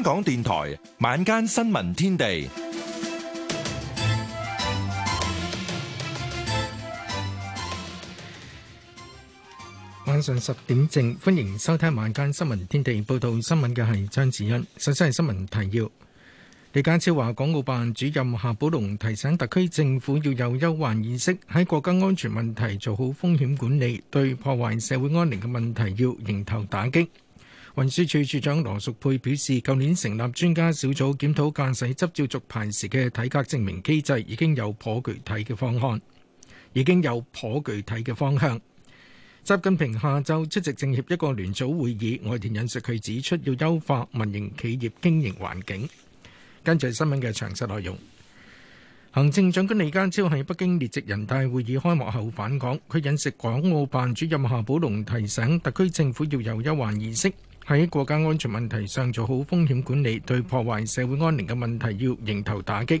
香港電台晚間新聞天地，晚上十點正，歡迎收聽晚間新聞天地。報道新聞嘅係張子欣，首先係新聞提要。李家超話，港澳辦主任夏寶龍提醒特區政府要有憂患意識，喺國家安全問題做好風險管理，對破壞社會安寧嘅問題要迎頭打擊。運輸署，署署長羅淑佩表示，舊年成立專家小組檢討駕駛執照續牌時嘅體格證明機制，已經有頗具體嘅方案，已經有頗具體嘅方向。習近平下晝出席政協一個聯組會議，外電引述佢指出，要優化民營企業經營環境。跟住係新聞嘅詳細內容。行政長官李家超喺北京列席人大會議開幕後返港，佢引述港澳辦主任夏寶龍提醒特區政府要有憂患意識。喺國家安全問題上做好風險管理，對破壞社會安寧嘅問題要迎頭打擊。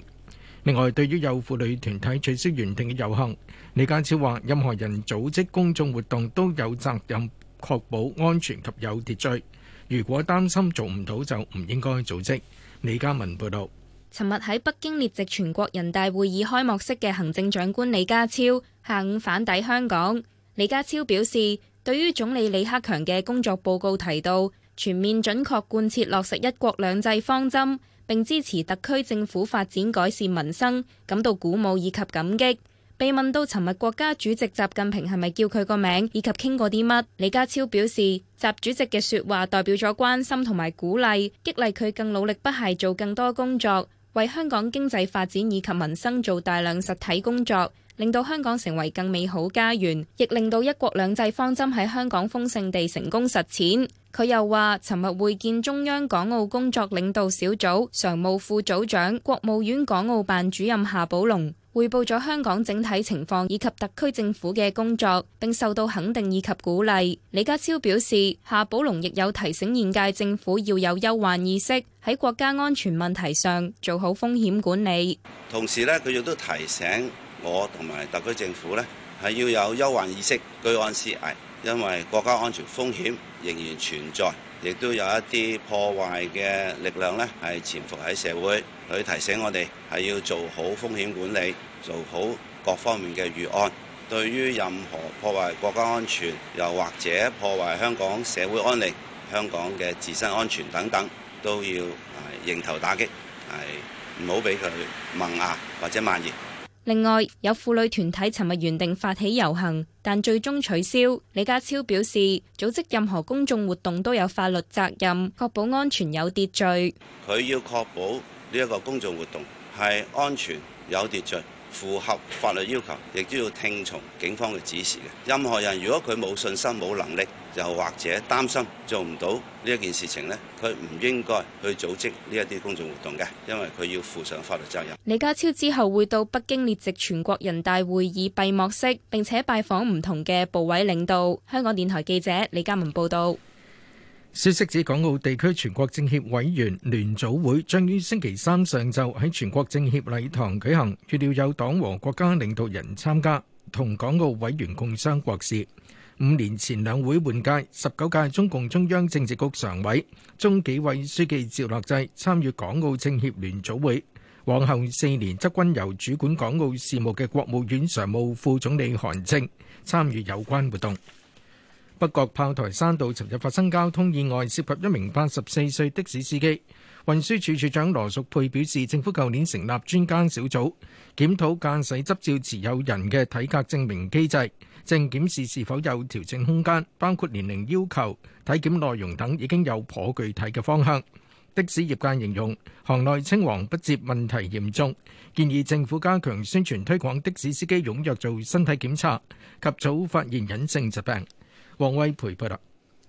另外，對於有婦女團體取消原定嘅遊行，李家超話：任何人組織公眾活動都有責任確保安全及有秩序。如果擔心做唔到，就唔應該組織。李家文報道，尋日喺北京列席全國人大會議開幕式嘅行政長官李家超下午返抵香港。李家超表示，對於總理李克強嘅工作報告提到，全面準確貫徹落實一國兩制方針，並支持特區政府發展改善民生，感到鼓舞以及感激。被問到尋日國家主席習近平係咪叫佢個名，以及傾過啲乜，李家超表示，習主席嘅說話代表咗關心同埋鼓勵，激勵佢更努力不懈做更多工作，為香港經濟發展以及民生做大量實體工作。令到香港成為更美好家園，亦令到一國兩制方針喺香港豐盛地成功實踐。佢又話，尋日會見中央港澳工作領導小組常務副組長、國務院港澳辦主任夏寶龍，匯報咗香港整體情況以及特區政府嘅工作，並受到肯定以及鼓勵。李家超表示，夏寶龍亦有提醒現屆政府要有憂患意識，喺國家安全問題上做好風險管理，同時呢佢亦都提醒。我同埋特區政府呢，係要有憂患意識，居安思危，因為國家安全風險仍然存在，亦都有一啲破壞嘅力量呢，係潛伏喺社會。佢提醒我哋係要做好風險管理，做好各方面嘅預案。對於任何破壞國家安全，又或者破壞香港社會安寧、香港嘅自身安全等等，都要迎頭打擊，係唔好俾佢萌芽或者蔓延。另外，有婦女團體尋日原定發起遊行，但最終取消。李家超表示，組織任何公眾活動都有法律責任，確保安全有秩序。佢要確保呢一個公眾活動係安全有秩序，符合法律要求，亦都要聽從警方嘅指示嘅。任何人如果佢冇信心、冇能力，又或者擔心做唔到。呢一件事情呢，佢唔應該去組織呢一啲公眾活動嘅，因為佢要負上法律責任。李家超之後會到北京列席全國人大會議閉幕式，並且拜訪唔同嘅部委領導。香港電台記者李嘉文報道。消息指，港澳地區全國政協委員聯組會將於星期三上晝喺全國政協禮堂舉行，預料有黨和國家領導人參加，同港澳委員共商國事。五年前兩會換屆，十九屆中共中央政治局常委、中紀委書記趙樂際參與港澳政協聯組會；往後四年則均由主管港澳事務嘅國務院常務副總理韓正參與有關活動。北角炮台山道昨日發生交通意外，涉及一名八十四歲的士司機。運輸署署長羅淑佩表示，政府舊年成立專家小組，檢討駕駛執照持有人嘅體格證明機制。正檢視是否有調整空間，包括年齡要求、體檢內容等，已經有頗具體嘅方向。的士業界形容行內青黃不接問題嚴重，建議政府加強宣傳推廣的士司機踴躍做身體檢查，及早發現隱性疾病。王威培報道。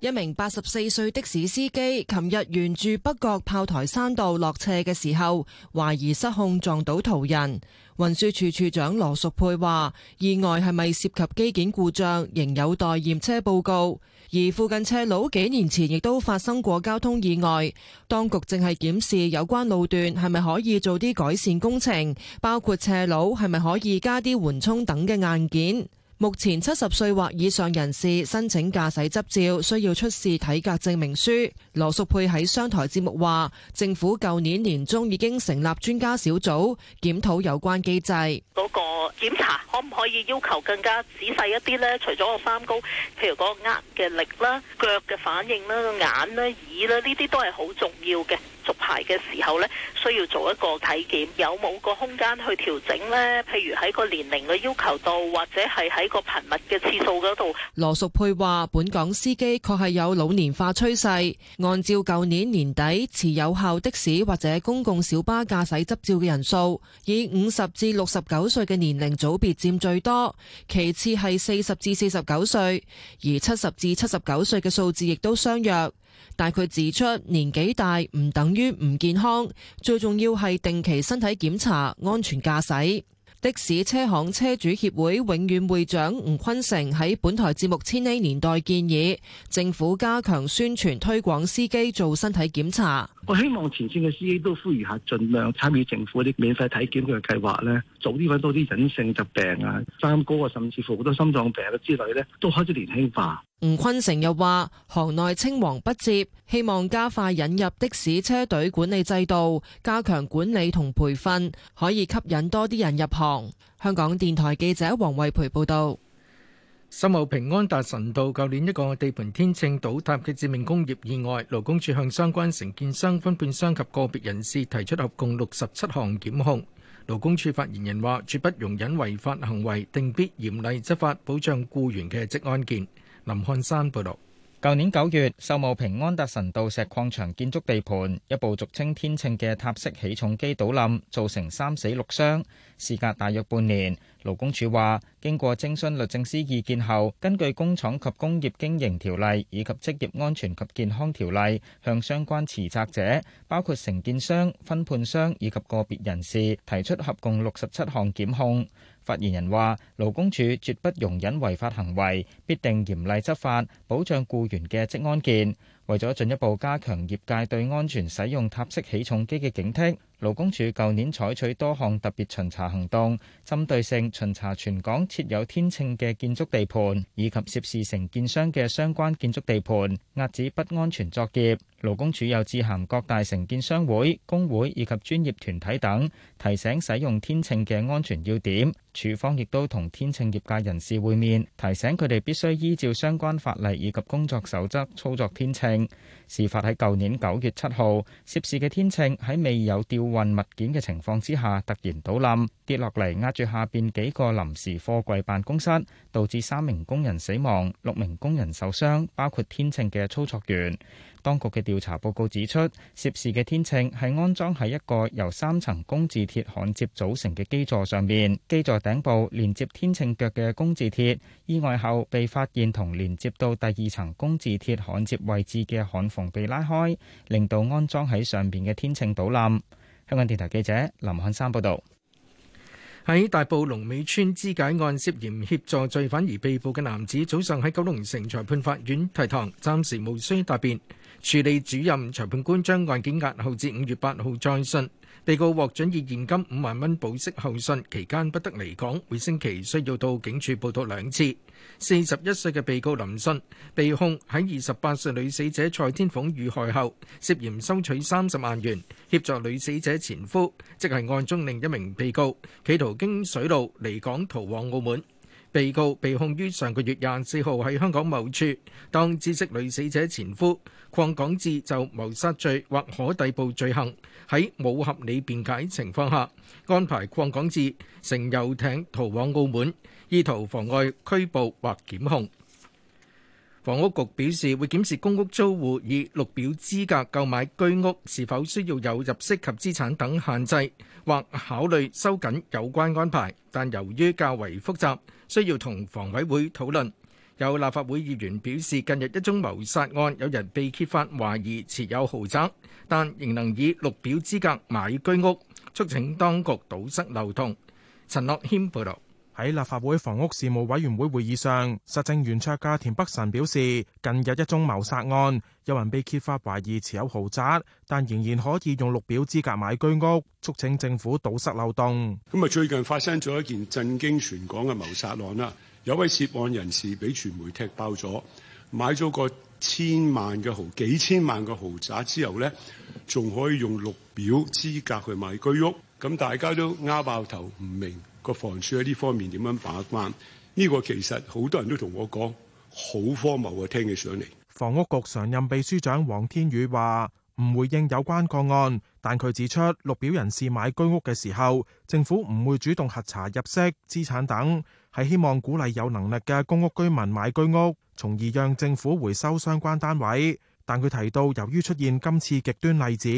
一名八十四歲的士司機，琴日沿住北角炮台山道落斜嘅時候，懷疑失控撞到途人。運輸處處長羅淑佩話，意外係咪涉及機件故障，仍有待驗車報告。而附近斜路幾年前亦都發生過交通意外，當局正係檢視有關路段係咪可以做啲改善工程，包括斜路係咪可以加啲緩衝等嘅硬件。目前七十歲或以上人士申請駕駛執照需要出示體格證明書。羅淑佩喺商台節目話：政府舊年年中已經成立專家小組檢討有關機制。嗰個檢查可唔可以要求更加仔細一啲呢？除咗個三高，譬如嗰個握嘅力啦、腳嘅反應啦、眼啦、耳啦，呢啲都係好重要嘅。排嘅時候呢，需要做一個體檢，有冇個空間去調整呢？譬如喺個年齡嘅要求度，或者係喺個頻密嘅次數嗰度。羅淑佩話，本港司機確係有老年化趨勢。按照舊年年底持有效的士或者公共小巴駕駛執照嘅人數，以五十至六十九歲嘅年齡組別佔最多，其次係四十至四十九歲，而七十至七十九歲嘅數字亦都相若。但佢指出，年紀大唔等於唔健康，最重要係定期身體檢查、安全駕駛。的士車行車主協會永遠會長吳坤成喺本台節目《千禧年代》建議政府加強宣傳推廣司機做身體檢查。我希望前線嘅司機都呼籲下，盡量參與政府啲免費體檢嘅計劃呢，早啲揾多啲隱性疾病啊、三高啊，甚至乎好多心臟病啊之類呢，都開始年輕化。吳坤成又話，行內青黃不接，希望加快引入的士車隊管理制度，加強管理同培訓，可以吸引多啲人入行。香港電台記者王慧培報道。秀茂坪安達臣道，舊年一個地盤天秤倒塌嘅致命工業意外，勞工處向相關承建商、分判商及個別人士提出合共六十七項檢控。勞工處發言人話：絕不容忍違法行為，定必嚴厲執法，保障僱員嘅職安健。林漢山報導。舊年九月，秀茂坪安達臣道石礦場建築地盤，一部俗稱天秤嘅塔式起重機倒冧，造成三死六傷。事隔大約半年，勞工處話，經過徵詢律政司意見後，根據《工廠及工業經營條例》以及《職業安全及健康條例》，向相關持責者，包括承建商、分判商以及個別人士，提出合共六十七項檢控。發言人話：勞工處絕不容忍違法行為，必定嚴厲執法，保障僱員嘅職安健。為咗進一步加強業界對安全使用塔式起重機嘅警惕，勞工處舊年採取多項特別巡查行動，針對性巡查全港設有天秤嘅建築地盤以及涉事承建商嘅相關建築地盤，遏止不安全作業。勞工署又致函各大承建商會、工會以及專業團體等，提醒使用天秤嘅安全要點。處方亦都同天秤業界人士會面，提醒佢哋必須依照相關法例以及工作守則操作天秤。事發喺舊年九月七號，涉事嘅天秤喺未有吊運物件嘅情況之下，突然倒冧跌落嚟，壓住下面幾個臨時貨櫃辦公室，導致三名工人死亡，六名工人受傷，包括天秤嘅操作員。當局嘅調查報告指出，涉事嘅天秤係安裝喺一個由三層工字鐵焊接組成嘅基座上面，基座頂部連接天秤腳嘅工字鐵。意外後被發現同連接到第二層工字鐵焊接位置嘅焊縫被拉開，令到安裝喺上邊嘅天秤倒冧。香港電台記者林漢山報道。喺大埔龍尾村肢解案涉嫌協助罪犯而被捕嘅男子，早上喺九龍城裁判法院提堂，暫時無需答辯。處理主任裁判官將案件押後至五月八號再訊，被告獲准以現金五萬蚊保釋候訊，期間不得離港，每星期需要到警署報到兩次。四十一歲嘅被告林信，被控喺二十八歲女死者蔡天鳳遇害後，涉嫌收取三十萬元，協助女死者前夫，即係案中另一名被告，企圖經水路離港逃往澳門。被告被控於上個月廿四號喺香港某處，當知識女死者前夫，鄺港志就謀殺罪或可逮捕罪行，喺冇合理辯解情況下，安排鄺港志乘遊艇逃往澳門，意圖妨礙拘捕或檢控。房屋局表示，會檢視公屋租戶以綠表資格購買居屋是否需要有入息及資產等限制，或考慮收緊有關安排。但由於較為複雜，需要同房委會討論。有立法會議員表示，近日一宗謀殺案有人被揭發懷疑持有豪宅，但仍能以綠表資格買居屋，促請當局堵塞漏洞。陳樂謙報導。喺立法會房屋事務委員會會議上，實政圓桌家田北辰表示，近日一宗謀殺案，有人被揭發懷疑持有豪宅，但仍然可以用綠表資格買居屋，促請政府堵塞漏洞。咁啊，最近發生咗一件震驚全港嘅謀殺案啦，有位涉案人士俾傳媒踢爆咗，買咗個千萬嘅豪幾千萬嘅豪宅之後呢，仲可以用綠表資格去買居屋，咁大家都拗爆頭唔明白。個房署喺呢方面點樣把關？呢個其實好多人都同我講好荒謬啊，聽起上嚟。房屋局常任秘書長黃天宇話：唔回應有關個案，但佢指出，綠表人士買居屋嘅時候，政府唔會主動核查入息、資產等，係希望鼓勵有能力嘅公屋居民買居屋，從而讓政府回收相關單位。但佢提到，由於出現今次極端例子，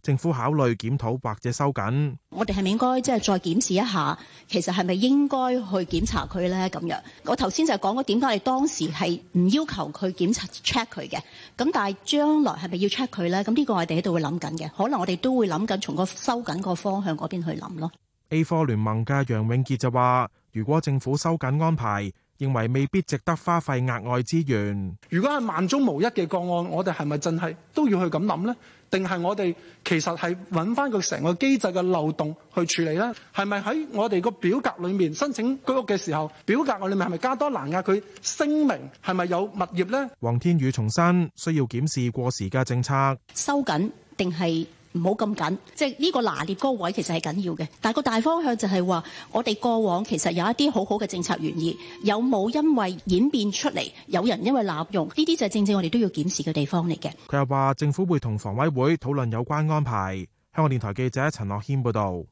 政府考慮檢討或者收緊。我哋係咪應該即係再檢視一下，其實係咪應該去檢查佢咧？咁樣我頭先就講咗點解，我哋當時係唔要求佢檢查 check 佢嘅。咁但係將來係咪要 check 佢咧？咁呢個我哋喺度會諗緊嘅。可能我哋都會諗緊從個收緊個方向嗰邊去諗咯。A4 聯盟嘅楊永傑就話，如果政府收緊安排，認為未必值得花費額外資源。如果係萬中無一嘅個案，我哋係咪真係都要去咁諗呢？定係我哋其實係揾翻個成個機制嘅漏洞去處理呢？係咪喺我哋個表格裏面申請居屋嘅時候，表格我哋裏面係咪加多欄噶？佢聲明係咪有物業呢？黃天宇重申，需要檢視過時嘅政策，收緊定係？唔好咁緊，即係呢個拿捏高位其實係緊要嘅，但係個大方向就係話，我哋過往其實有一啲好好嘅政策原意，有冇因為演變出嚟，有人因為濫用，呢啲就係正正我哋都要檢視嘅地方嚟嘅。佢又話，政府會同房委會討論有關安排。香港電台記者陳樂軒報導。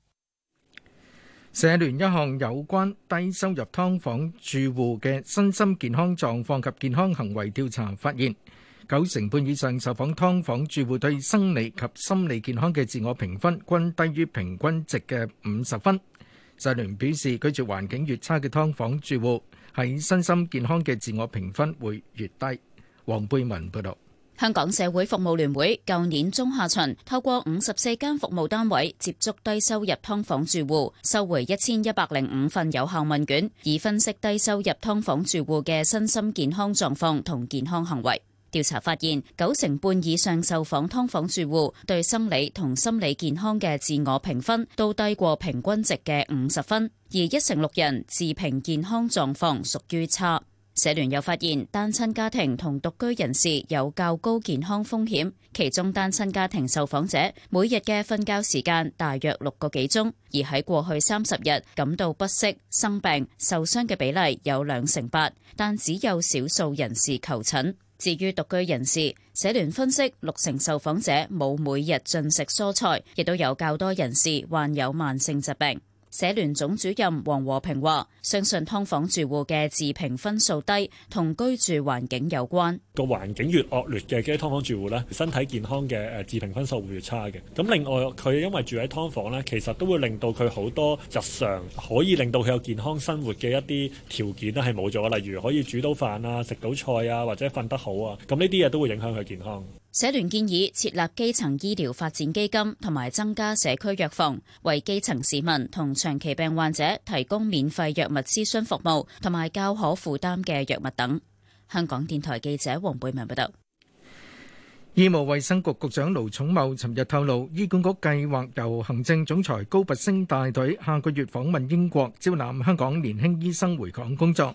社聯一項有關低收入劏房住戶嘅身心健康狀況及健康行為調查發現。九成半以上受訪劏房住戶對生理及心理健康嘅自我評分均低於平均值嘅五十分。社聯表示，居住環境越差嘅劏房住戶喺身心健康嘅自我評分會越低。黃貝文報道，香港社會服務聯會舊年中下旬透過五十四間服務單位接觸低收入劏房住戶，收回一千一百零五份有效問卷，以分析低收入劏房住戶嘅身心健康狀況同健康行為。調查發現，九成半以上受訪劏房住戶對生理同心理健康嘅自我評分都低過平均值嘅五十分，而一成六人自評健康狀況屬於差。社聯又發現，單親家庭同獨居人士有較高健康風險，其中單親家庭受訪者每日嘅瞓覺時間大約六個幾鐘，而喺過去三十日感到不適、生病、受傷嘅比例有兩成八，但只有少數人士求診。至於獨居人士，社聯分析六成受訪者冇每日進食蔬菜，亦都有較多人士患有慢性疾病。社聯總主任黃和平話，相信㓥房住戶嘅自評分數低，同居住環境有關。個環境越惡劣嘅，啲㓥房住戶身體健康嘅自評分數會越差嘅。咁另外，佢因為住喺㓥房咧，其實都會令到佢好多日常可以令到佢有健康生活嘅一啲條件咧係冇咗，例如可以煮到飯啊、食到菜啊，或者瞓得好啊。咁呢啲嘢都會影響佢健康。社聯建議設立基層醫療發展基金，同埋增加社區藥房，為基層市民同長期病患者提供免費藥物諮詢服務，同埋較可負擔嘅藥物等。香港電台記者黃貝文報道。醫務衛生局局長盧寵茂尋日透露，醫管局計劃由行政總裁高拔升帶隊下個月訪問英國，招攬香港年輕醫生回港工作。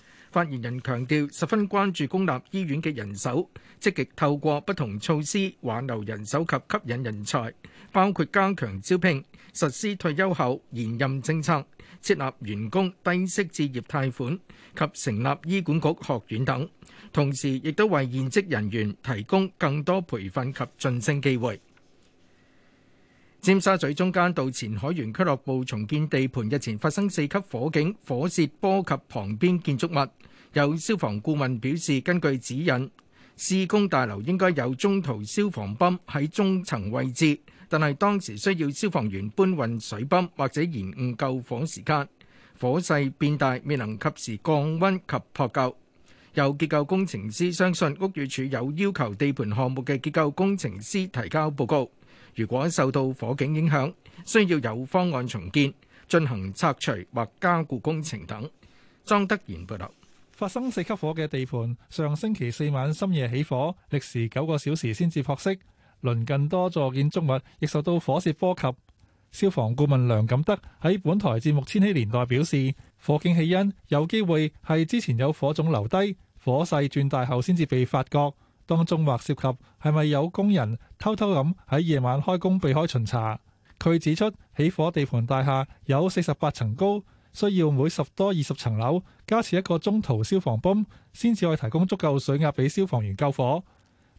發言人強調，十分關注公立醫院嘅人手，積極透過不同措施挽留人手及吸引人才，包括加強招聘、實施退休後延任政策、設立員工低息置業貸款及成立醫管局學院等，同時亦都為現職人員提供更多培訓及晉升機會。尖沙咀中間道前海園俱樂部重建地盤日前發生四級火警，火舌波及旁邊建築物。有消防顧問表示，根據指引，施工大樓應該有中途消防泵喺中層位置，但係當時需要消防員搬運水泵，或者延誤救火時間。火勢變大，未能及時降溫及撲救。有結構工程師相信，屋宇署有要求地盤項目嘅結構工程師提交報告。如果受到火警影響，需要有方案重建，進行拆除或加固工程等。莊德賢報道，發生四級火嘅地盤，上星期四晚深夜起火，歷時九個小時先至撲熄。鄰近多座建築物亦受到火舌波及。消防顧問梁錦德喺本台節目《千禧年代》表示，火警起因有機會係之前有火種留低，火勢轉大後先至被發覺。當中或涉及係咪有工人偷偷咁喺夜晚開工避開巡查？佢指出起火地盤大廈有四十八層高，需要每十多二十層樓加設一個中途消防泵，先至可以提供足夠水壓俾消防員救火。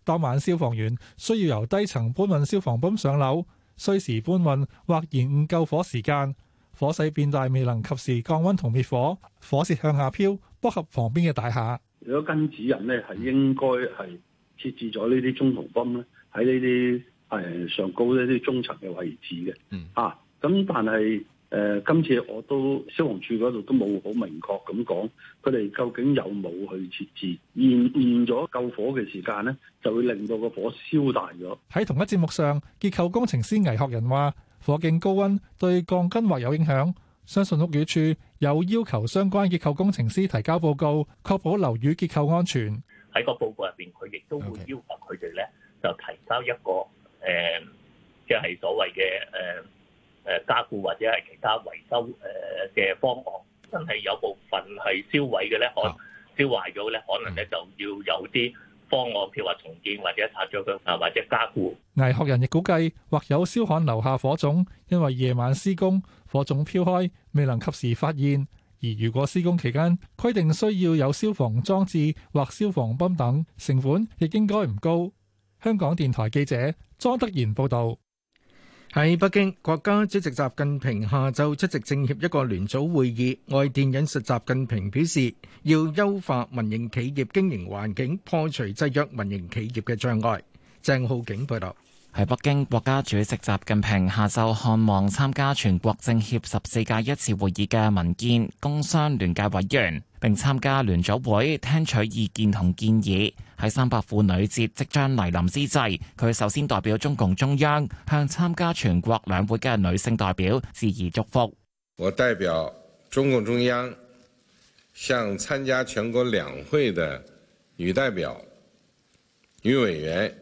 當晚消防員需要由低層搬運消防泵上樓，需時搬運或延誤救火時間，火勢變大未能及時降溫同滅火，火舌向下飄，波及旁邊嘅大廈。如果跟指引呢，係應該係。設置咗呢啲中途泵咧，喺呢啲誒上高呢啲中層嘅位置嘅，嚇咁。但係誒今次我都消防處嗰度都冇好明確咁講，佢哋究竟有冇去設置延誤咗救火嘅時間咧，就會令到個火燒大咗。喺同一節目上，結構工程師危學仁話：火警高溫對鋼筋或有影響，相信屋宇署有要求相關結構工程師提交報告，確保樓宇結構安全。喺個報告入邊，佢亦都會要求佢哋咧，就提交一個誒，即、呃、係、就是、所謂嘅誒誒加固或者係其他維修誒嘅、呃、方案。真係有部分係燒毀嘅咧、哦，可能燒壞咗咧，可能咧就要有啲方案譬如話重建或者拆咗佢啊，或者加固。危學人亦估計，或有燒焊留下火種，因為夜晚施工，火種飄開，未能及時發現。而如果施工期間規定需要有消防裝置或消防泵等，成本亦應該唔高。香港電台記者莊德賢報導。喺北京，國家主席習近平下晝出席政協一個聯組會議，外電引述習近平表示，要優化民營企業經營環境，破除制約民營企業嘅障礙。鄭浩景報道。喺北京，國家主席習近平下晝看望參加全國政協十四屆一次會議嘅民建、工商聯界委員，並參加聯組會，聽取意見同建議。喺三八婦女節即將來臨之際，佢首先代表中共中央向參加全國兩會嘅女性代表致以祝福。我代表中共中央向參加全國兩會嘅女代表、女委員。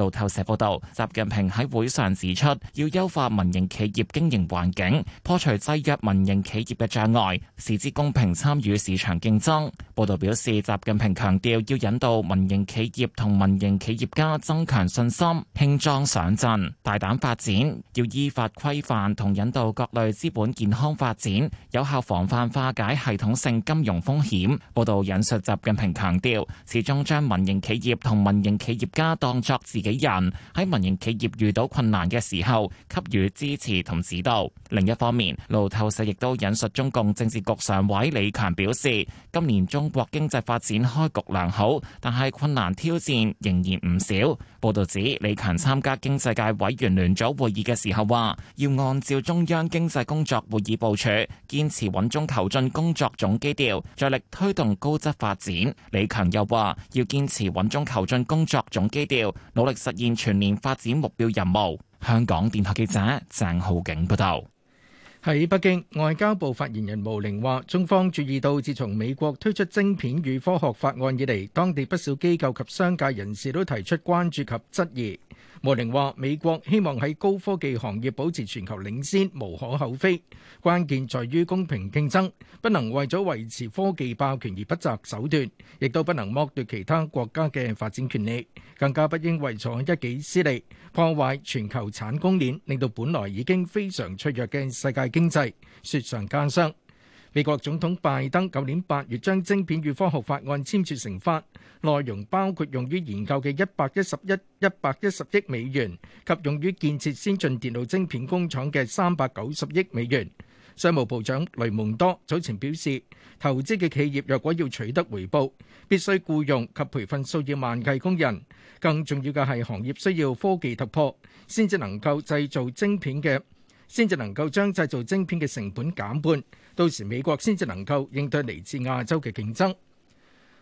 路透社報道，習近平喺會上指出，要優化民營企業經營環境，破除制約民營企業嘅障礙，使之公平參與市場競爭。報道表示，習近平強調要引導民營企業同民營企業家增強信心，輕裝上陣，大膽發展；要依法規範同引導各類資本健康發展，有效防範化解系統性金融風險。報道引述習近平強調，始終將民營企業同民營企業家當作自己。俾人喺民營企業遇到困難嘅時候給予支持同指導。另一方面，路透社亦都引述中共政治局常委李強表示，今年中國經濟發展開局良好，但係困難挑戰仍然唔少。報道指，李強參加經濟界委員聯組會議嘅時候話，要按照中央經濟工作會議部署，堅持穩中求進工作總基調，着力推動高質量發展。李強又話，要堅持穩中求進工作總基調，努力。實現全年發展目標任務。香港電台記者鄭浩景報道。喺北京，外交部發言人毛寧話，中方注意到，自從美國推出晶片與科學法案以嚟，當地不少機構及商界人士都提出關注及質疑。莫玲話：美國希望喺高科技行業保持全球領先，無可厚非。關鍵在於公平競爭，不能為咗維持科技霸權而不擇手段，亦都不能剝奪其他國家嘅發展權利。更加不應為咗一己私利，破壞全球產供鏈，令到本來已經非常脆弱嘅世界經濟雪上加霜。美國總統拜登舊年八月將晶片與科學法案簽署成法，內容包括用於研究嘅一百一十一一百一十億美元及用於建設先進電腦晶片工廠嘅三百九十億美元。商務部長雷蒙多早前表示，投資嘅企業若果要取得回報，必須僱用及培訓數以萬計工人。更重要嘅係，行業需要科技突破，先至能夠製造晶片嘅。先至能夠將製造晶片嘅成本減半，到時美國先至能夠應對嚟自亞洲嘅競爭。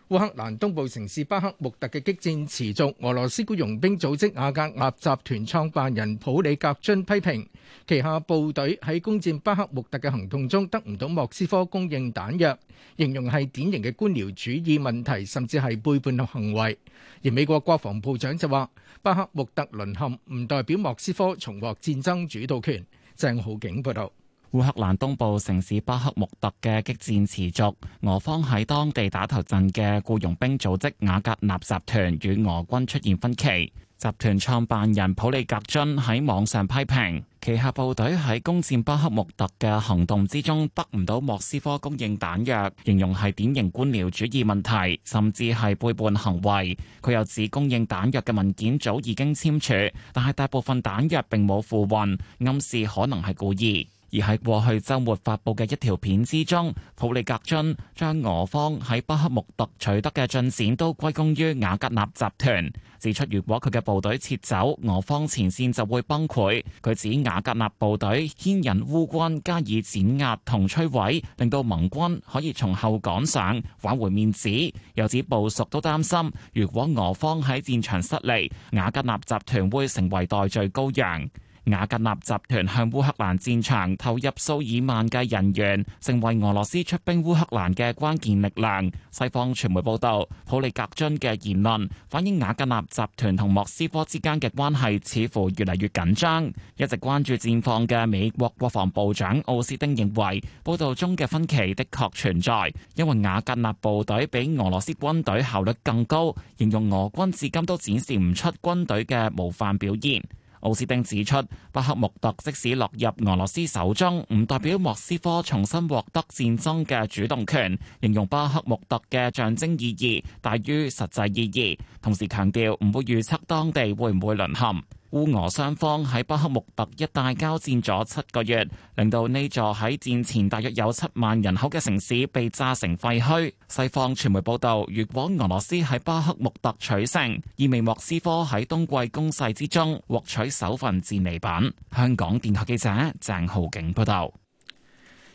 烏克蘭東部城市巴克穆特嘅激戰持續，俄羅斯僱傭兵組織瓦格納集團創辦人普里格津批評旗下部隊喺攻占巴克穆特嘅行動中得唔到莫斯科供應彈藥，形容係典型嘅官僚主義問題，甚至係背叛行為。而美國國防部長就話：巴克穆特淪陷唔代表莫斯科重獲戰爭主導權。鄭浩景報道：烏克蘭東部城市巴克穆特嘅激戰持續，俄方喺當地打頭陣嘅僱傭兵組織瓦格納集團與俄軍出現分歧。集團創辦人普利格津喺網上批評，旗下部隊喺攻占巴克穆特嘅行動之中得唔到莫斯科供應彈藥，形容係典型官僚主義問題，甚至係背叛行為。佢又指供應彈藥嘅文件早已經簽署，但係大部分彈藥並冇付運，暗示可能係故意。而喺過去週末發布嘅一條片之中，普里格津將俄方喺巴克穆特取得嘅進展都歸功於雅格納集團，指出如果佢嘅部隊撤走，俄方前線就會崩潰。佢指雅格納部隊牽引烏軍加以碾壓同摧毀，令到盟軍可以從後趕上挽回面子。又指部屬都擔心，如果俄方喺戰場失利，雅格納集團會成為代罪羔羊。瓦格納集團向烏克蘭戰場投入數以萬計人員，成為俄羅斯出兵烏克蘭嘅關鍵力量。西方傳媒報道，普利格津嘅言論反映瓦格納集團同莫斯科之間嘅關係似乎越嚟越緊張。一直關注戰況嘅美國國防部長奧斯丁認為，報道中嘅分歧的確存在，因為瓦格納部隊比俄羅斯軍隊效率更高，形容俄軍至今都展示唔出軍隊嘅模範表現。奧斯汀指出，巴克穆特即使落入俄羅斯手中，唔代表莫斯科重新獲得戰爭嘅主動權。形容巴克穆特嘅象徵意義大於實際意義，同時強調唔會預測當地會唔會淪陷。烏俄雙方喺巴克穆特一帶交戰咗七個月，令到呢座喺戰前大約有七萬人口嘅城市被炸成廢墟。西方傳媒報導，如果俄羅斯喺巴克穆特取勝，意味莫斯科喺冬季攻勢之中獲取首份戰利品。香港電台記者鄭浩景報道。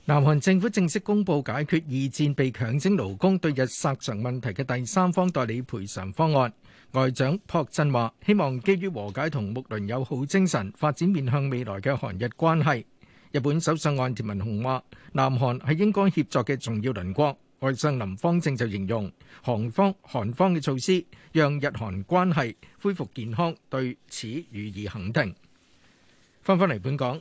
南韓政府正式公布解決二戰被強徵勞工對日索償問題嘅第三方代理賠償方案。外長朴振話：希望基於和解同睦鄰友好精神，發展面向未來嘅韓日關係。日本首相岸田文雄話：南韓係應該協作嘅重要鄰國。外相林芳正就形容韓方韓方嘅措施，讓日韓關係恢復健康，對此予以肯定。翻返嚟本港。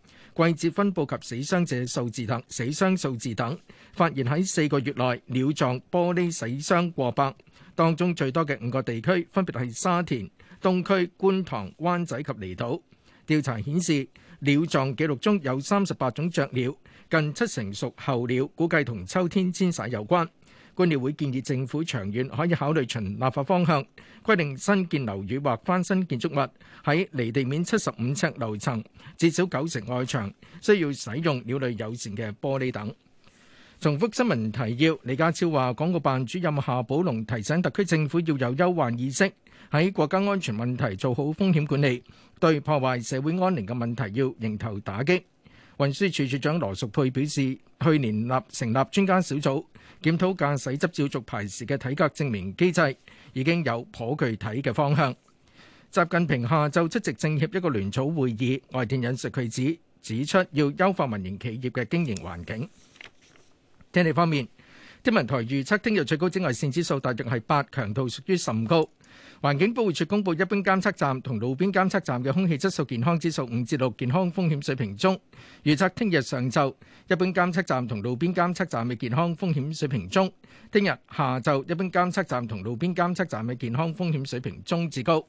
季節分佈及死傷者數字等，死傷數字等，發現喺四個月內鳥撞玻璃死傷過百，當中最多嘅五個地區分別係沙田、東區、觀塘、灣仔及離島。調查顯示，鳥撞記錄中有三十八種雀鳥，近七成屬候鳥，估計同秋天遷徙有關。觀鳥會建議政府長遠可以考慮循立法方向，規定新建樓宇或翻新建築物喺離地面七十五尺樓層，至少九成外牆需要使用鳥類友善嘅玻璃等。重複新聞提要，李家超話：港澳辦主任夏寶龍提醒特區政府要有憂患意識，喺國家安全問題做好風險管理，對破壞社會安寧嘅問題要迎頭打擊。運輸署署長羅淑佩表示，去年立成立專家小組檢討駕駛執照續牌時嘅體格證明機制，已經有頗具體嘅方向。習近平下晝出席政協一個聯組會議，外電引述佢指指出，要優化民營企業嘅經營環境。天氣方面，天文台預測聽日最高紫外線指數大約係八強度，屬於甚高。環境保護署公布一般監測站同路邊監測站嘅空氣質素健康指數五至六，健康風險水平中。預測聽日上晝一般監測站同路邊監測站嘅健康風險水平中，聽日下晝一般監測站同路邊監測站嘅健康風險水平中至高。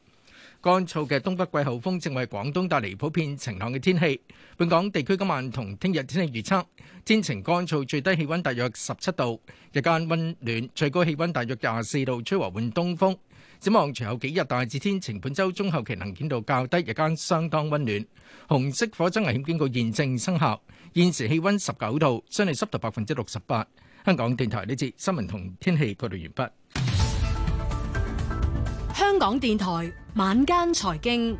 乾燥嘅東北季候風正為廣東帶嚟普遍晴朗嘅天氣。本港地區今晚同聽日天氣預測天晴乾燥，最低氣溫大約十七度，日間温暖，最高氣温大約廿四度，吹和緩東風。展望隨後幾日大致天晴，本周中後期能見度較低，日間相當溫暖。紅色火災危險警告現正生效。現時氣溫十九度，相對濕度百分之六十八。香港電台呢節新聞同天氣報道完畢。香港電台晚間財經，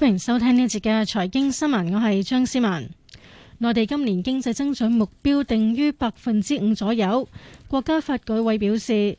歡迎收聽呢節嘅財經新聞，我係張思文。內地今年經濟增長目標定於百分之五左右，國家發改委表示。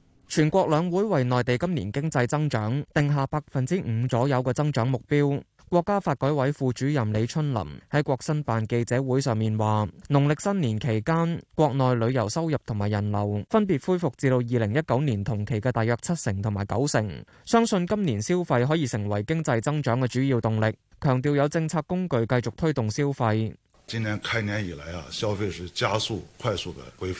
全國兩會為內地今年經濟增長定下百分之五左右嘅增長目標。國家發改委副主任李春林喺國新辦記者會上面話，農曆新年期間，國內旅遊收入同埋人流分別恢復至到二零一九年同期嘅大約七成同埋九成。相信今年消費可以成為經濟增長嘅主要動力。強調有政策工具繼續推動消費。今年開年以來啊，消費是加速快速嘅恢復。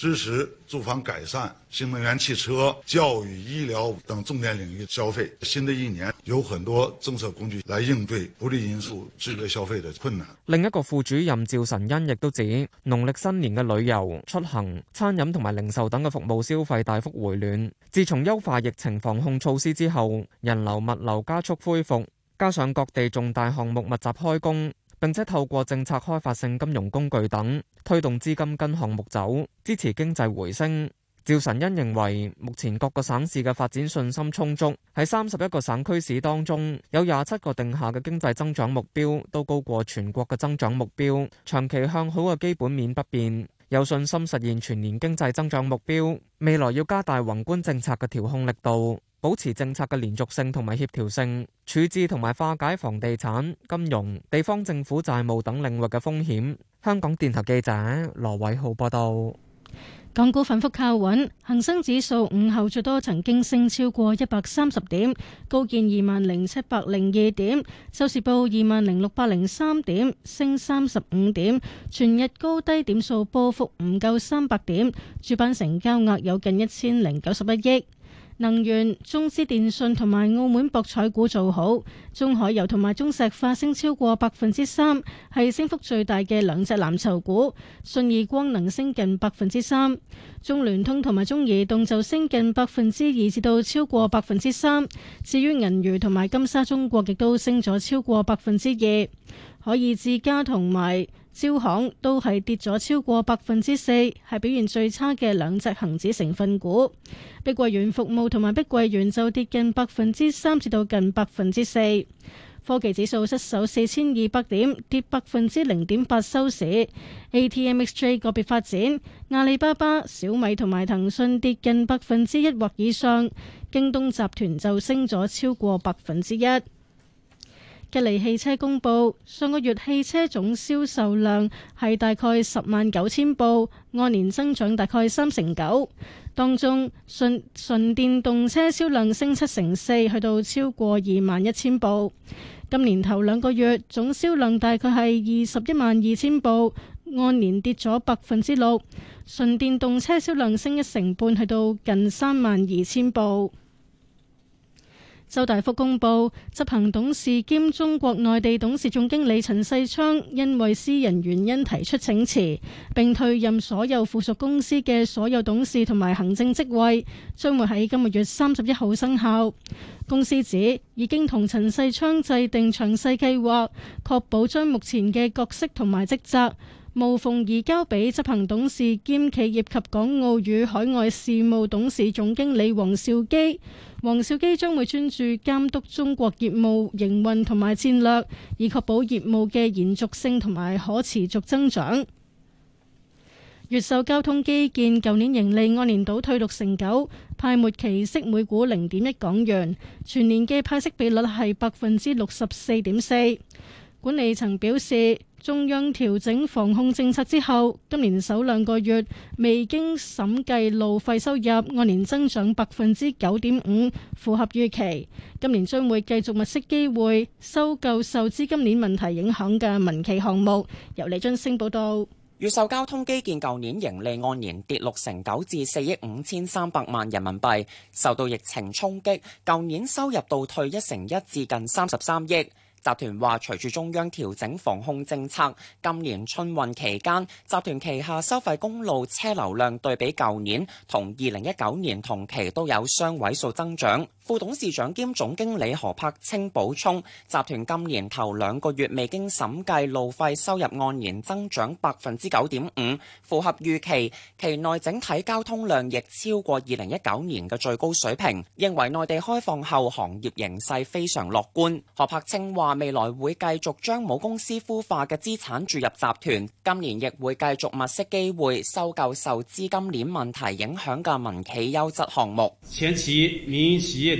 支持住房改善、新能源汽車、教育、醫療等重點領域消費。新的一年有很多政策工具來應對不利因素制約消費的困難。另一個副主任趙晨恩亦都指，農曆新年嘅旅遊、出行、餐飲同埋零售等嘅服務消費大幅回暖。自從優化疫情防控措施之後，人流物流加速恢復，加上各地重大項目密集開工。並且透過政策開發性金融工具等推動資金跟項目走，支持經濟回升。趙晨恩認為，目前各個省市嘅發展信心充足，喺三十一個省區市當中，有廿七個定下嘅經濟增長目標都高過全國嘅增長目標，長期向好嘅基本面不變，有信心實現全年經濟增長目標。未來要加大宏觀政策嘅調控力度。保持政策嘅連續性同埋協調性，處置同埋化解房地產、金融、地方政府債務等領域嘅風險。香港電台記者羅偉浩報道，港股反覆靠穩，恒生指數午後最多曾經升超過一百三十點，高見二萬零七百零二點，收市報二萬零六百零三點，升三十五點，全日高低點數波幅唔夠三百點，主板成交額有近一千零九十一億。能源、中資電信同埋澳門博彩股做好，中海油同埋中石化升超過百分之三，係升幅最大嘅兩隻藍籌股。信義光能升近百分之三，中聯通同埋中移動就升近百分之二至到超過百分之三。至於銀娛同埋金沙中國，亦都升咗超過百分之二。可以自家同埋。招行都係跌咗超過百分之四，係表現最差嘅兩隻恒指成分股。碧桂園服務同埋碧桂園就跌近百分之三，至到近百分之四。科技指數失守四千二百點，跌百分之零點八收市。A T M X J 個別發展，阿里巴巴、小米同埋騰訊跌近百分之一或以上，京東集團就升咗超過百分之一。吉利汽車公布，上個月汽車總銷售量係大概十萬九千部，按年增長大概三成九。當中純純電動車銷量升七成四，去到超過二萬一千部。今年頭兩個月總銷量大概係二十一萬二千部，按年跌咗百分之六。純電動車銷量升一成半，去到近三萬二千部。周大福公布執行董事兼中國內地董事總經理陳世昌因為私人原因提出請辭，並退任所有附屬公司嘅所有董事同埋行政職位，將會喺今個月三十一號生效。公司指已經同陳世昌制定詳細計劃，確保將目前嘅角色同埋職責。無縫移交俾執行董事兼企業及港澳與海外事務董事總經理黃兆基，黃兆基將會專注監督中國業務營運同埋戰略，以確保業務嘅延續性同埋可持續增長。越秀交通基建舊年盈利按年倒退六成九，派末期息每股零點一港元，全年嘅派息比率係百分之六十四點四。管理層表示。中央調整防控政策之後，今年首兩個月未經審計路費收入按年增長百分之九點五，符合預期。今年將會繼續物色機會，收購受資金鏈問題影響嘅民企項目。由李晉升報導，越秀交通基建舊年盈利按年跌六成九，至四億五千三百萬人民幣，受到疫情衝擊，舊年收入倒退一成一，至近三十三億。集團話，隨住中央調整防控政策，今年春運期間，集團旗下收費公路車流量對比舊年同二零一九年同期都有雙位數增長。副董事長兼總經理何柏青補充，集團今年頭兩個月未經審計路費收入按年增長百分之九點五，符合預期。期內整體交通量亦超過二零一九年嘅最高水平。認為內地開放後行業形勢非常樂觀。何柏青話：未來會繼續將母公司孵化嘅資產注入集團，今年亦會繼續物色機會，收購受資金鏈問題影響嘅民企優質項目。請此免此嘅。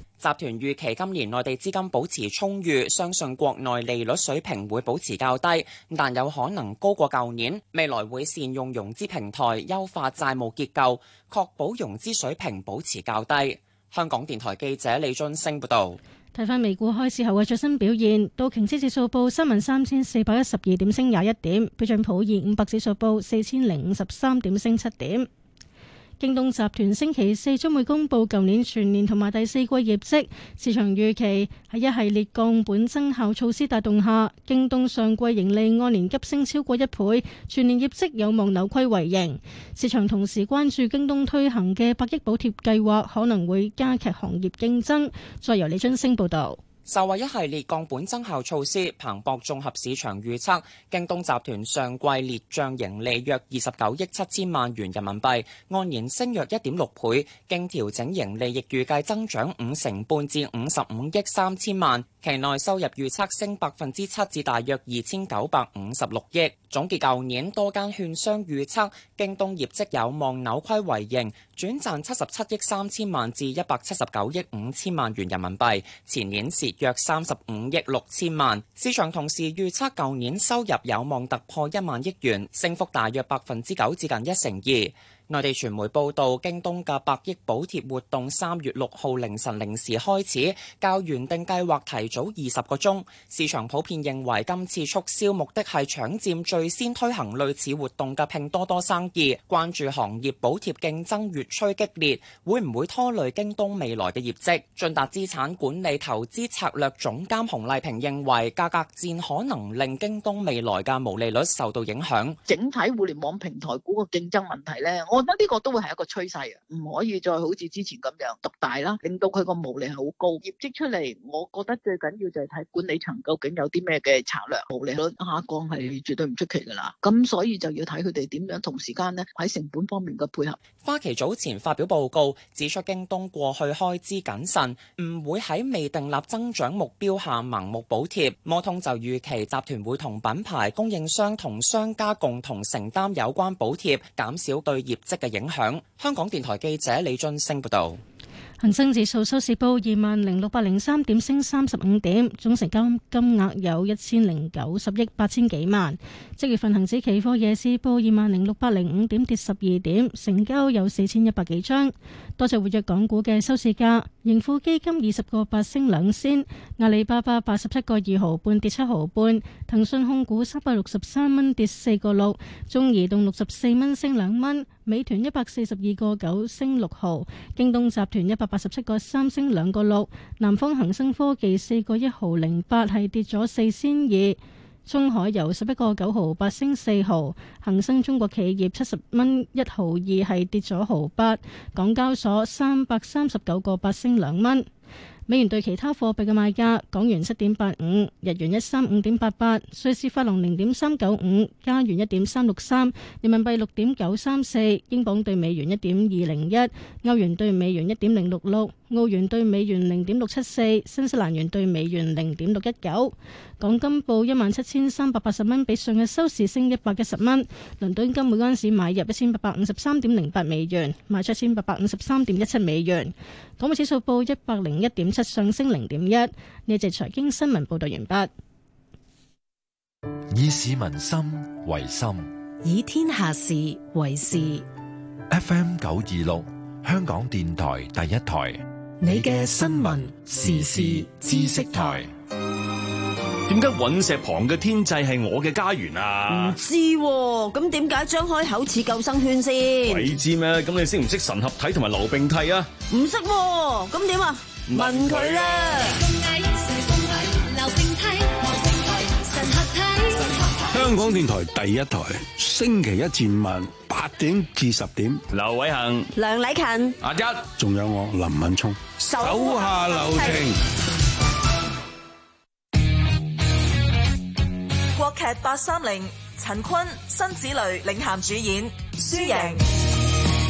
集團預期今年內地資金保持充裕，相信國內利率水平會保持較低，但有可能高過舊年。未來會善用融資平台，優化債務結構，確保融資水平保持較低。香港電台記者李俊升報道。睇翻美股開市後嘅最新表現，道瓊斯指數報三萬三千四百一十二點，升廿一點；標準普爾五百指數報四千零五十三點，升七點。京東集團星期四將會公佈舊年全年同埋第四季業績，市場預期喺一系列降本增效措施帶動下，京東上季盈利按年急升超過一倍，全年業績有望扭虧為盈。市場同時關注京東推行嘅百億補貼計劃可能會加劇行業競爭。再由李津升報道。受惠一系列降本增效措施，彭博綜合市場預測，京東集團上季列賬盈利約二十九億七千萬元人民幣，按年升約一點六倍，經調整盈利亦預計增長五成半至五十五億三千萬，期內收入預測升百分之七至大約二千九百五十六億。總結舊年多間券商預測，京東業績有望扭虧為盈，轉賺七十七億三千萬至一百七十九億五千萬元人民幣。前年時。約三十五億六千萬，市場同時預測，舊年收入有望突破一萬億元，升幅大約百分之九至近一成二。內地傳媒報道，京東嘅百億補貼活動三月六號凌晨零時開始，較原定計劃提早二十個鐘。市場普遍認為今次促銷目的係搶佔最先推行類似活動嘅拼多多生意。關注行業補貼競爭越趨激烈，會唔會拖累京東未來嘅業績？進達資產管理投資策略總監洪麗萍認為，價格戰可能令京東未來嘅毛利率受到影響。整體互聯網平台股嘅競爭問題呢？覺得呢個都會係一個趨勢，唔可以再好似之前咁樣獨大啦，令到佢個毛利好高，業績出嚟，我覺得最緊要就係睇管理層究竟有啲咩嘅策略，毛利率下降係絕對唔出奇㗎啦。咁所以就要睇佢哋點樣同時間呢喺成本方面嘅配合。花旗早前發表報告指出，京東過去開支謹慎，唔會喺未訂立增長目標下盲目補貼。摩通就預期集團會同品牌供應商同商家共同承擔有關補貼，減少對業。嘅影響。香港電台記者李俊升報道，恒生指數收市報二萬零六百零三點，升三十五點，總成交金額有一千零九十億八千幾萬。即月份恒指期貨夜市報二萬零六百零五點，跌十二點，成交有四千一百幾張。多隻活躍港股嘅收市價，盈富基金二十個八升兩仙，阿里巴巴八十七個二毫半跌七毫半，騰訊控股三百六十三蚊跌四個六，中移動六十四蚊升兩蚊。美團一百四十二個九升六毫，京東集團一百八十七個三升兩個六，南方恒生科技四個一毫零八係跌咗四仙二，中海油十一個九毫八升四毫，恒生中國企業七十蚊一毫二係跌咗毫八，港交所三百三十九個八升兩蚊。美元兌其他貨幣嘅賣價：港元七點八五，日元一三五點八八，瑞士法郎零點三九五，加元一點三六三，人民幣六點九三四，英鎊對美元一點二零一，歐元對美元一點零六六。澳元對美元零點六七四，新西蘭元對美元零點六一九。港金報一萬七千三百八十蚊，比上日收市升一百一十蚊。倫敦金每安士買入一千八百五十三點零八美元，賣出一千八百五十三點一七美元。港匯指數報一百零一點七，上升零點一。呢一節財經新聞報道完畢。以市民心為心，以天下事為事。FM 九二六，香港電台第一台。你嘅新聞時事知識台，點解隕石旁嘅天際係我嘅家園啊？唔知、啊，咁點解張開口似救生圈先？知道你知咩？咁你識唔識神合體同埋流并梯啊？唔識，咁點啊？啊問佢啦。香港電台第一台，星期一至五晚八點至十點。劉偉恆、梁禮勤、阿一，仲有我林敏聰，手下留情。留情國劇八三零，陳坤、辛芷蕾領銜主演，輸贏。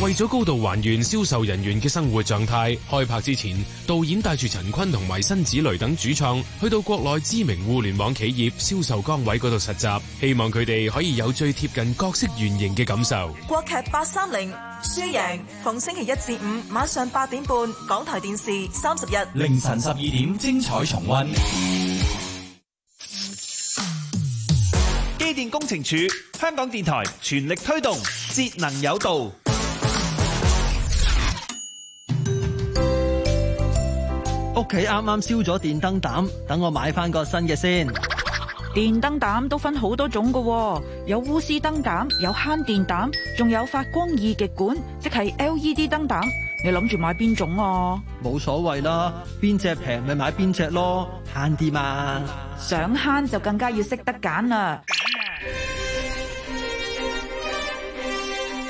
為咗高度還原銷售人員嘅生活狀態，開拍之前，導演帶住陳坤同埋辛芷蕾等主創去到國內知名互聯網企業銷售崗位嗰度實習，希望佢哋可以有最貼近角色原型嘅感受。國劇八三零輸贏，逢星期一至五晚上八點半，港台電視三十日凌晨十二點，精彩重溫。機電工程署，香港電台全力推動節能有道。屋企啱啱燒咗電燈膽，等我買翻個新嘅先。電燈膽都分好多種嘅，有鎢絲燈膽，有慳電膽，仲有發光二極管，即係 LED 燈膽。你諗住買邊種啊？冇所謂啦，邊隻平咪買邊隻咯，慳啲嘛。想慳就更加要識得揀啦、啊。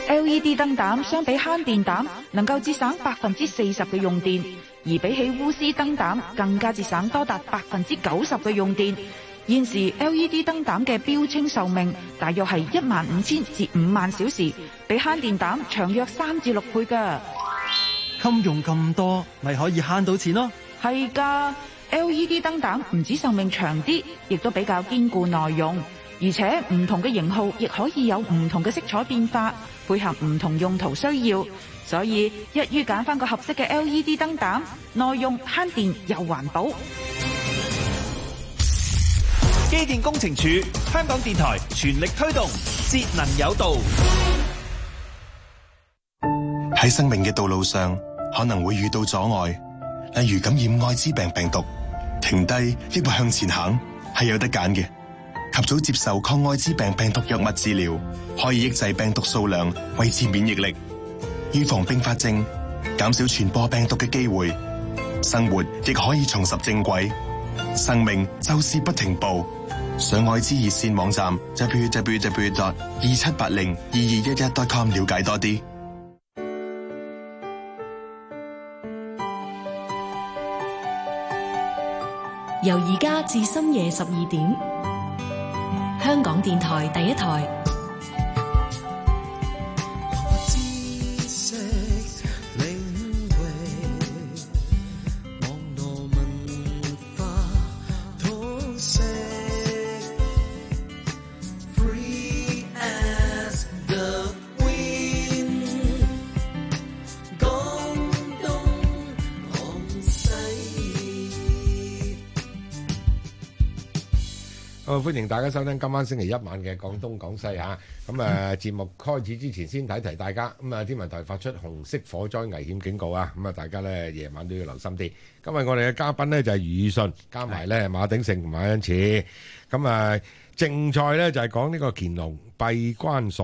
LED 燈膽相比慳電膽，能夠節省百分之四十嘅用電。而比起鎢絲燈膽，更加節省多達百分之九十嘅用電。現時 LED 燈膽嘅標稱壽命大約係一萬五千至五萬小時，比慳電膽長約三至六倍㗎。襟用咁多，咪可以慳到錢咯。係噶，LED 燈膽唔止壽命長啲，亦都比較堅固耐用，而且唔同嘅型號亦可以有唔同嘅色彩變化，配合唔同用途需要。所以一於揀返個合適嘅 LED 燈膽，耐用、慳電又環保。機電工程署、香港電台全力推動節能有道。喺生命嘅道路上，可能會遇到阻礙，例如感染愛滋病病毒，停低抑或向前行係有得揀嘅。及早接受抗愛滋病病毒藥物治療，可以抑制病毒數量，維持免疫力。預防併發症，減少傳播病毒嘅機會，生活亦可以重拾正軌。生命就是不停步。上愛之熱線網站 www.，就撥就撥就撥，二七八零二二一一 dotcom 了解多啲。由而家至深夜十二點，香港電台第一台。歡迎大家收聽今晚星期一晚嘅廣東廣西嚇，咁誒節目開始之前先提提大家，咁誒天文台發出紅色火災危險警告啊，咁誒大家咧夜晚都要留心啲。今日我哋嘅嘉賓咧就係餘信，加埋咧馬鼎盛同埋馬恩慈，咁誒正菜咧就係講呢個乾隆閉關。